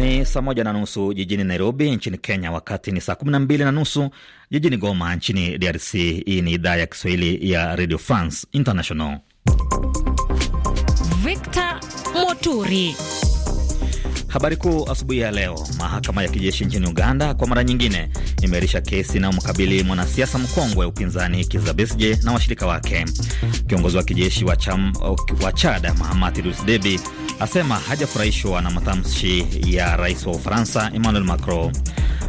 Ni saa moja na nusu jijini Nairobi nchini Kenya, wakati ni saa kumi na mbili na nusu jijini Goma nchini DRC. Hii ni idhaa ya Kiswahili ya Radio France International. Victor Moturi Habari kuu asubuhi ya leo, mahakama ya kijeshi nchini Uganda kwa mara nyingine imeahirisha kesi inayomkabili mwanasiasa mkongwe upinzani Kizza Besigye na washirika wake. Kiongozi wa kijeshi wa, cham, wa Chad Mahamat Idriss Deby asema hajafurahishwa na matamshi ya rais wa Ufaransa Emmanuel Macron.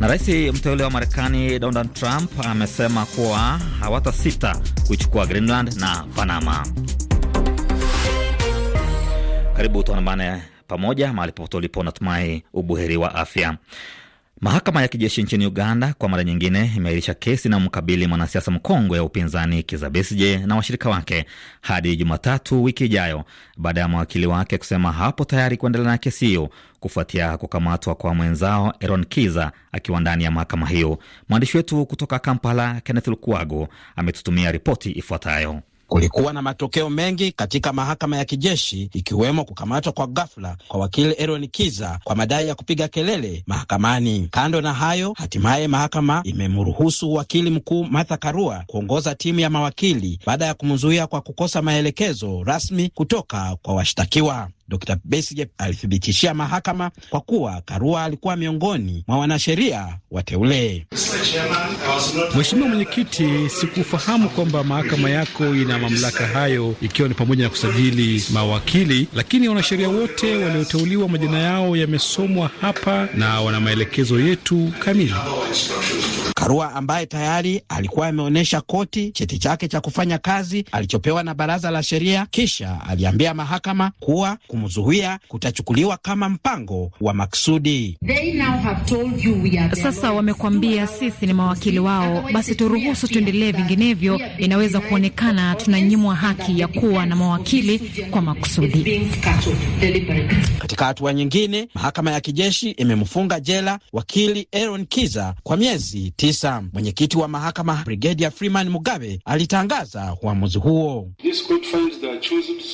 Na rais mteule wa Marekani Donald Trump amesema kuwa hawatasita kuichukua Greenland na Panama. Karibu tuandamane pamoja mahali popote ulipo, natumai ubuheri wa afya. Mahakama ya kijeshi nchini Uganda kwa mara nyingine imeahirisha kesi na mkabili mwanasiasa mkongwe wa upinzani Kizza Besigye na washirika wake hadi Jumatatu wiki ijayo baada ya mawakili wake kusema hapo tayari kuendelea na kesi hiyo kufuatia kukamatwa kwa mwenzao Aaron Kiza akiwa ndani ya mahakama hiyo. Mwandishi wetu kutoka Kampala, Kenneth Lukwago, ametutumia ripoti ifuatayo. Kulikuwa na matokeo mengi katika mahakama ya kijeshi ikiwemo kukamatwa kwa ghafla kwa wakili Aaron Kiza kwa madai ya kupiga kelele mahakamani. Kando na hayo, hatimaye mahakama imemruhusu wakili mkuu Martha Karua kuongoza timu ya mawakili baada ya kumzuia kwa kukosa maelekezo rasmi kutoka kwa washtakiwa. Dr. Besigye alithibitishia mahakama kwa kuwa Karua alikuwa miongoni mwa wanasheria wateule. Mheshimiwa Mwenyekiti, sikufahamu kwamba mahakama yako ina mamlaka hayo, ikiwa ni pamoja na kusajili mawakili, lakini wanasheria wote walioteuliwa majina yao yamesomwa hapa na wana maelekezo yetu kamili. Karua ambaye tayari alikuwa ameonyesha koti cheti chake cha kufanya kazi alichopewa na baraza la sheria, kisha aliambia mahakama kuwa kumzuia kutachukuliwa kama mpango wa maksudi. Sasa wamekwambia sisi ni mawakili wao, basi turuhusu tuendelee, vinginevyo inaweza kuonekana tunanyimwa haki ya kuwa na mawakili kwa makusudi. Katika hatua nyingine, mahakama ya kijeshi imemfunga jela wakili Aaron Kiza kwa miezi tisa kabisa. Mwenyekiti wa mahakama Brigedia Freeman Mugabe alitangaza uamuzi huo This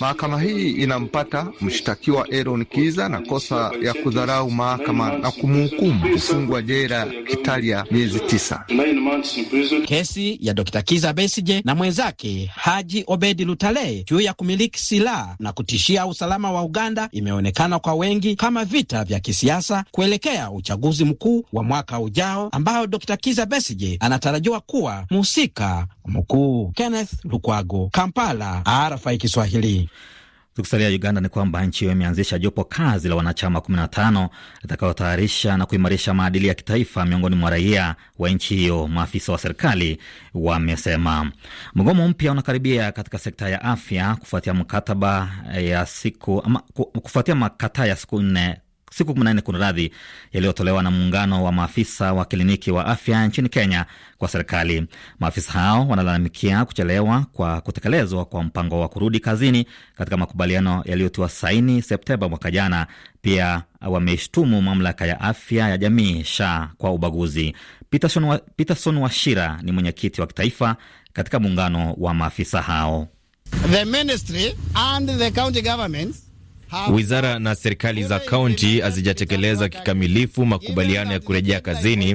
Mahakama hii inampata mshtakiwa Aaron Kiza na kosa ya kudharau mahakama na kumhukumu kufungwa jela Italia miezi tisa. Kesi ya Dr. Kiza Besije na mwenzake Haji Obedi Lutale juu ya kumiliki silaha na kutishia usalama wa Uganda imeonekana kwa wengi kama vita vya kisiasa kuelekea uchaguzi mkuu wa mwaka ujao ambao Dr. Kiza Besije anatarajiwa kuwa mhusika mkuu. Kenneth Lukwago, Kampala, RFI Kiswahili. Kiswahili. Tukisalia Uganda, ni kwamba nchi hiyo imeanzisha jopo kazi la wanachama 15 litakayotayarisha na kuimarisha maadili ya kitaifa miongoni mwa raia wa nchi hiyo, maafisa wa serikali wamesema. Mgomo mpya unakaribia katika sekta ya afya kufuatia mkataba ya siku ama, kufuatia makataa ya siku nne siku nne kuna radhi yaliyotolewa na muungano wa maafisa wa kliniki wa afya nchini Kenya kwa serikali. Maafisa hao wanalalamikia kuchelewa kwa kutekelezwa kwa mpango wa kurudi kazini katika makubaliano yaliyotiwa saini Septemba mwaka jana. Pia wameshtumu mamlaka ya afya ya jamii SHA kwa ubaguzi. Peterson, wa, Peterson Washira ni mwenyekiti wa kitaifa katika muungano wa maafisa hao. The ministry and the county governments Wizara na serikali za kaunti hazijatekeleza kikamilifu makubaliano ya kurejea kazini,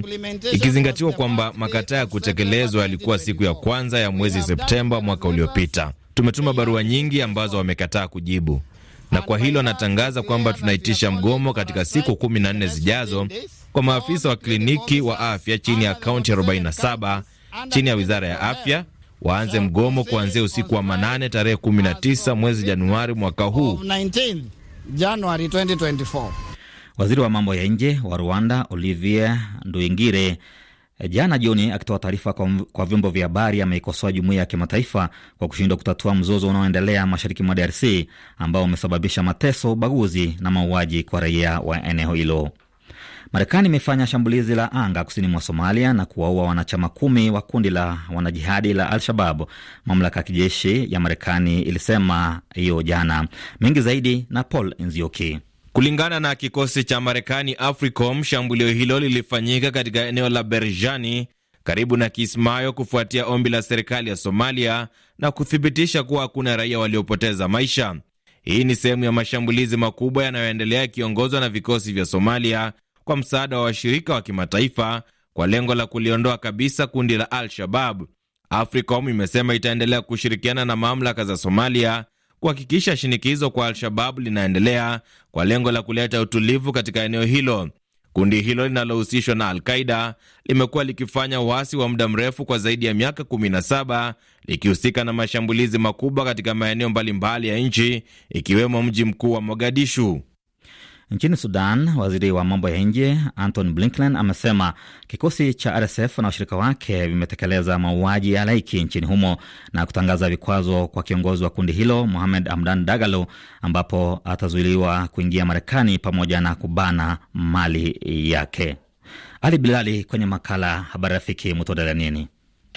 ikizingatiwa kwamba makataa ya kutekelezwa yalikuwa siku ya kwanza ya mwezi Septemba mwaka uliopita. Tumetuma barua nyingi ambazo wamekataa kujibu, na kwa hilo anatangaza kwamba tunaitisha mgomo katika siku kumi na nne zijazo kwa maafisa wa kliniki wa afya chini ya kaunti 47 chini ya wizara ya afya waanze mgomo kuanzia usiku wa manane tarehe 19 mwezi Januari mwaka huu. Januari 2024. Waziri wa mambo ya nje wa Rwanda Olivier Nduingire jana jioni akitoa taarifa kwa, kwa vyombo vya habari ameikosoa jumuiya ya kimataifa kwa kushindwa kutatua mzozo unaoendelea mashariki mwa DRC ambao umesababisha mateso, ubaguzi na mauaji kwa raia wa eneo hilo. Marekani imefanya shambulizi la anga kusini mwa Somalia na kuwaua wanachama kumi wa kundi la wanajihadi la Al-Shabab, mamlaka ya kijeshi ya Marekani ilisema hiyo jana. Mengi zaidi na Paul Nzioki. Kulingana na kikosi cha Marekani AFRICOM, shambulio hilo lilifanyika katika eneo la Berjani karibu na Kismayo kufuatia ombi la serikali ya Somalia na kuthibitisha kuwa hakuna raia waliopoteza maisha. Hii ni sehemu ya mashambulizi makubwa yanayoendelea yakiongozwa na vikosi vya Somalia kwa msaada wa washirika wa kimataifa kwa lengo la kuliondoa kabisa kundi la Al-Shabab. AFRICOM imesema itaendelea kushirikiana na mamlaka za Somalia kuhakikisha shinikizo kwa Al-Shabab linaendelea kwa lengo la kuleta utulivu katika eneo hilo. Kundi hilo linalohusishwa na Al-Qaida limekuwa likifanya uasi wa muda mrefu kwa zaidi ya miaka 17 likihusika na mashambulizi makubwa katika maeneo mbalimbali ya nchi ikiwemo mji mkuu wa Mogadishu. Nchini Sudan, waziri wa mambo ya nje Anton Blinken amesema kikosi cha RSF na washirika wake vimetekeleza mauaji ya halaiki nchini humo na kutangaza vikwazo kwa kiongozi wa kundi hilo Mohamed Hamdan Dagalo, ambapo atazuiliwa kuingia Marekani pamoja na kubana mali yake. Ali Bilali kwenye makala Habari Rafiki, mutodelea nini?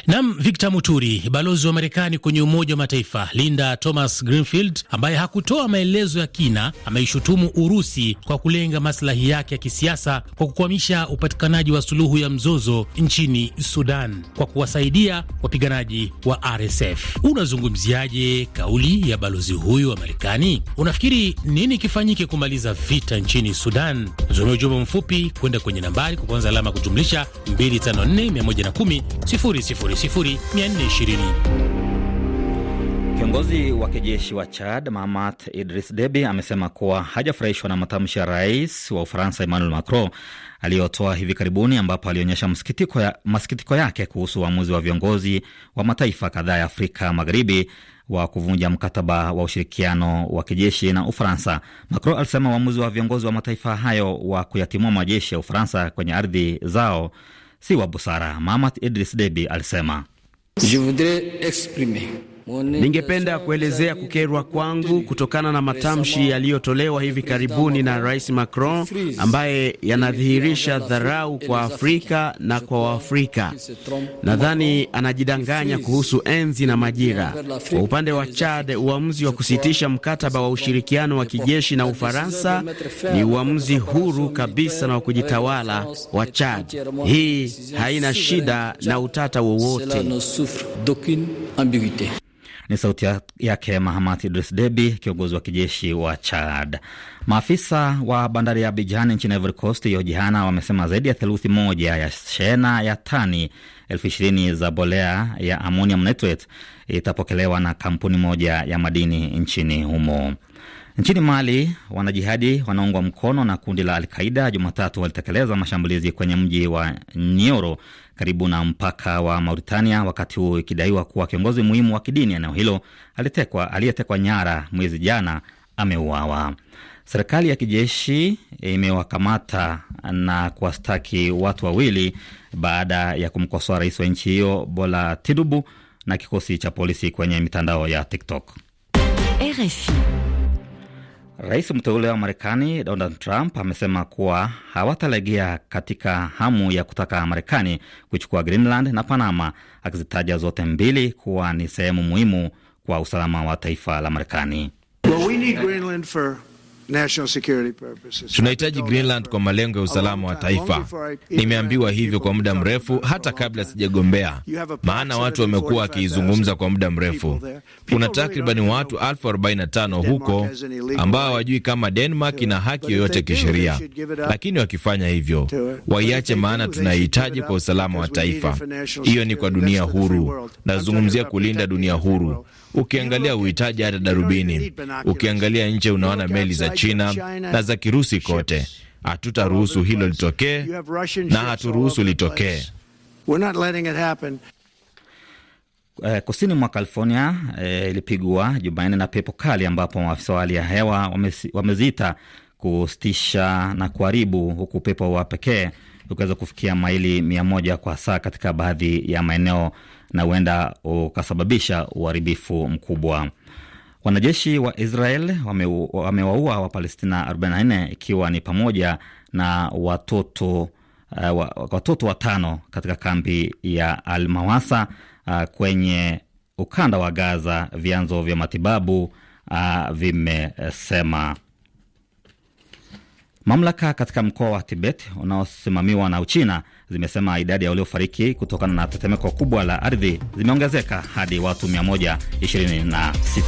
Nam Victor Muturi. Balozi wa Marekani kwenye Umoja wa Mataifa Linda Thomas Greenfield, ambaye hakutoa maelezo ya kina, ameishutumu Urusi kwa kulenga maslahi yake ya kisiasa kwa kukwamisha upatikanaji wa suluhu ya mzozo nchini Sudan kwa kuwasaidia wapiganaji wa RSF. Unazungumziaje kauli ya balozi huyu wa Marekani? Unafikiri nini kifanyike kumaliza vita nchini Sudan? Tutumia ujumbe mfupi kwenda kwenye nambari kwa kwanza alama kujumlisha 254 110 000 420. Kiongozi wa kijeshi wa Chad Mahamat Idris Deby amesema kuwa hajafurahishwa na matamshi ya rais wa Ufaransa Emmanuel Macron aliyotoa hivi karibuni, ambapo alionyesha masikitiko ya, masikitiko yake kuhusu uamuzi wa, viongozi wa mataifa kadhaa ya Afrika Magharibi wa kuvunja mkataba wa ushirikiano wa kijeshi na Ufaransa. Macron alisema uamuzi wa viongozi wa mataifa hayo wa kuyatimua majeshi ya Ufaransa kwenye ardhi zao si wa busara. Mahamat Idris Deby alisema Je voudrais exprimer Ningependa kuelezea kukerwa kwangu kutokana na matamshi yaliyotolewa hivi karibuni na Rais Macron ambaye yanadhihirisha dharau kwa Afrika na kwa Waafrika. Nadhani anajidanganya kuhusu enzi na majira. Kwa upande wa Chad, uamuzi wa kusitisha mkataba wa ushirikiano wa kijeshi na Ufaransa ni uamuzi huru kabisa na wa kujitawala wa Chad. Hii haina shida na utata wowote. Ni sauti yake Mahamat Idris Debi, kiongozi wa kijeshi wa Chad. Maafisa wa bandari ya Abidjan nchini Ivory Coast hiyo jana wamesema zaidi ya theluthi moja ya shehena ya tani elfu ishirini za bolea ya ammonium nitrate itapokelewa na kampuni moja ya madini nchini humo. Nchini Mali, wanajihadi wanaungwa mkono na kundi la Alqaida Jumatatu walitekeleza mashambulizi kwenye mji wa Nioro karibu na mpaka wa Mauritania, wakati huu ikidaiwa kuwa kiongozi muhimu wa kidini eneo hilo aliyetekwa nyara mwezi jana ameuawa. Serikali ya kijeshi imewakamata na kuwastaki watu wawili baada ya kumkosoa rais wa nchi hiyo Bola Tinubu na kikosi cha polisi kwenye mitandao ya TikTok. RFI. Rais mteule wa Marekani Donald Trump amesema kuwa hawatalegea katika hamu ya kutaka Marekani kuchukua Greenland na Panama, akizitaja zote mbili kuwa ni sehemu muhimu kwa usalama wa taifa la Marekani. Well, we Tunahitaji Greenland kwa malengo ya usalama wa taifa. Nimeambiwa hivyo kwa muda mrefu, hata kabla sijagombea, maana watu wamekuwa wakiizungumza kwa muda mrefu. Kuna takribani watu elfu 45 huko ambao hawajui kama Denmark ina haki yoyote kisheria, lakini wakifanya hivyo waiache, maana tunahitaji kwa usalama wa taifa. Hiyo ni kwa dunia huru, nazungumzia kulinda dunia huru. Ukiangalia uhitaji hata darubini, ukiangalia nje unaona meli za China na za Kirusi kote. Hatutaruhusu hilo litokee na haturuhusu litokee. Eh, kusini mwa California eh, ilipigwa Jumanne na pepo kali ambapo maafisa wa hali ya hewa wameziita kusitisha na kuharibu, huku upepo wa pekee ukaweza kufikia maili mia moja kwa saa katika baadhi ya maeneo na huenda ukasababisha uharibifu mkubwa. Wanajeshi wa Israel wamewaua wame Wapalestina 44 ikiwa ni pamoja na watoto uh, watoto watano katika kambi ya Al Mawasa uh, ah, kwenye ukanda wa Gaza, vyanzo vya matibabu uh, vimesema. Mamlaka katika mkoa wa Tibet unaosimamiwa na Uchina zimesema idadi ya waliofariki kutokana na tetemeko kubwa la ardhi zimeongezeka hadi watu 126.